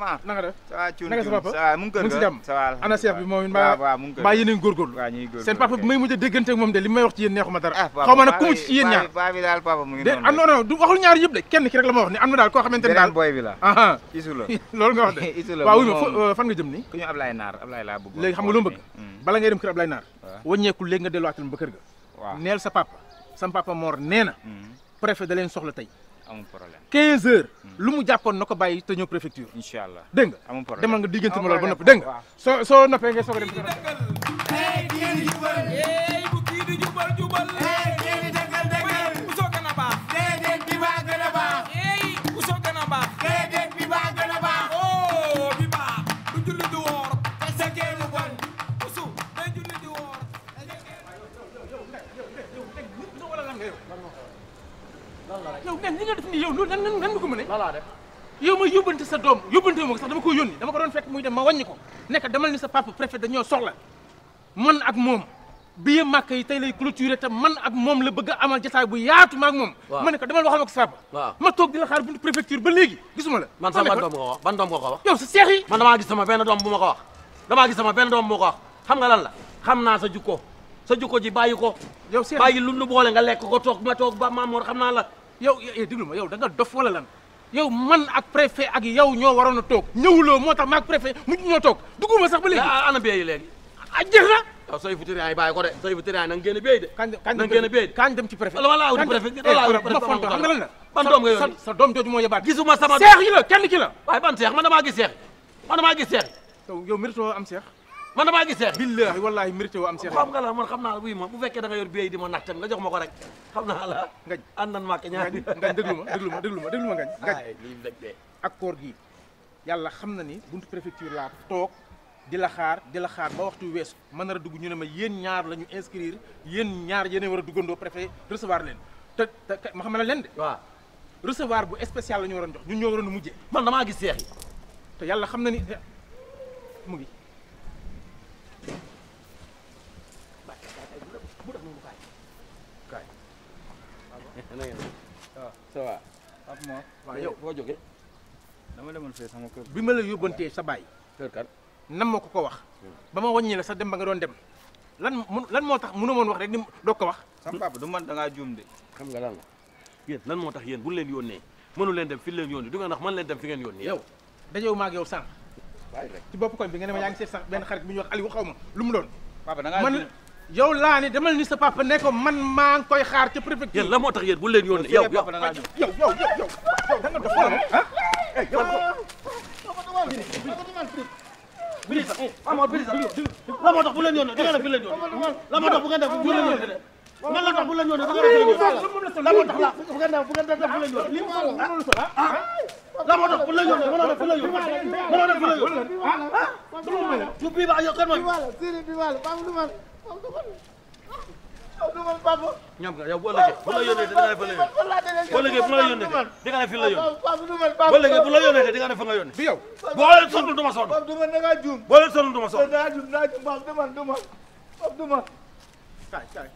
Omar na nga waaw Thioune naka sa papa ça si jàmm ana Cheikh bi moom mbaa waaw mu ngi kër mbaa a ngi góorgóorlu waaw ñu ngi góorgóorlu seen papa bi may mujj a déggante ak moom de li may wax ci yéen neexuma dara ah, xaw ma nag ku mu ci yéen ah, na daal koo xamante ne daal boy la nga jëm ni léegi xam nga lu bëgg hmm. bala ngay dem kër Ablaye Naar waññeeku léegi nga delluwaatal ba kër ga neel sa papa sa papa nee na hmm. préfet da soxla tey amul problème 15 heures. Hmm. lu mu jàppoon na ko bàyyi te ñëw préfecture. incha allah dégg nga. amul problème demal nga diggante ma loolu ba noppi dégg nga. soo soo noppee nga soog a dem. loolu nan nan nan nga ko mën a. laa def yow ma yóbbante sa doom yóbbante ma ko sax dama ko yónni dama ko doon fekk muy dem ma wàññi ko nekk demal ni sa papa préfet dañoo soxla man ak moom biye màkk yi tey lay clôturer te man ak moom la bëgg a amal jotaay bu yaatu ma ak moom. waaw ma ne ko demal waxal ma ko sa papa. ma toog di la xaar buntu préfecture ba léegi gisuma la. man sama ban doom nga ko wax. doom ko ko wax nga lan la xam naa sa jukko sa jukko ji bàyyi ko. yow lu nu boole nga lekk yow eh, déglu ma yow da nga dof wala lan yow man ak préfet ak yow ñoo waroon a toog ñëwuloo moo tax ma ak préfet mujj ñoo toog dugguma sax ba léegi. Ah, ana bee yi léegi. ah jeex na. waaw sooy fu tëraay bàyyi ko de sooy fu tëraay na nga génn béy de. kañ dem ci kañ dem ci préfet. wala wala awutu préfet ma fonto xam nga lan la. ban doom nga yónni sa doom waaye ban seex man damaa gis seex man damaa gis seex. yow yow méritoo am seex man damaa gis seex. billahi wallahi mérité woo am seex. xam nga la man xam naa la buy ma bu fekkee da nga yor billet ma ko rek xam naa la. ngañ àndan ma ak ñaari. ngañ déglu ma déglu ma déglu ma déglu ma ngañ. ngañ lii ak koor gi yàlla xam na ni buntu préfecture laa toog di la xaar di la xaar ba waxtu weesu ma nar dugg ñu ne ma yéen ñaar la ñu inscrire yéen ñaar yéen war a duggandoo préfet recevoir leen te te ma xam la leen waaw recevoir bu spécial la ñu waroon jox ñun ñoo waroon a mujjee. man damaa gis seex yi. te yàlla xam na ni mu ngi kaay. na ngeen waaw ça va. Pape Mor waaw yow dama demoon fee sama kër. bi ma la yóbbantee sa baay. kër nan ma ko ko wax. ba ma wàññi la dem ba nga doon dem. lan mu lan moo tax mënu woon wax rek ni doo ko wax. sama papa du man da ngaa juum de. xam nga lan la yéen moo tax yéen bu leen yónnee mënu leen dem fi leen yónnee du nga ndax mën leen dem fi ngeen yoon yow dajewu ma ak yow sànq. ci bopp koñ bi nga ne ma yaa ngi seet sànq benn xarit bu ñuy wax Aliou xaw ma lu mu doon. papa da ngaa yow laa ni demal ni sa papa ne ko man maa ngi koy xaar ca préfecture. yéen la moo tax yéen bu leen yoon yow yow yow yow yow da nga def wala ah. Eh, yow Birisa Amar Birisa la moo tax bu leen yoon da nga def bu leen yoon la moo tax bu ngeen def bu leen yoon man la tax bu leen yoon da nga def bu leen yoon la moo tax la bu ngeen def bu ngeen def bu leen yoon li mu la ah la moo tax fu la yóbbu mënoo def fu la yóbbu mënoo def fu la yóbbu ah du bii ba yow kan mooy. séeréer bi wàll Pape du man Pape du man Pape du man Pape. ñam nga yow boo lëggee bu la yónnee dina la fa la yónnee boo lëggee bu la yónnee di nga ne fi la yónnee boo lëggee bu la yónnee di nga ne fa nga yónnee. bi yow boo leen sonn du ma sonn. Pape du man da ngaa juum. boo leen sonn du ma sonn. da ngaa juum da ngaa juum Pape du man du man Pape du man. kaay kaay.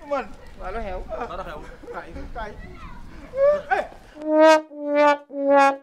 du man. waaw la xew. waaw la xew. kaay kaay. Thank you.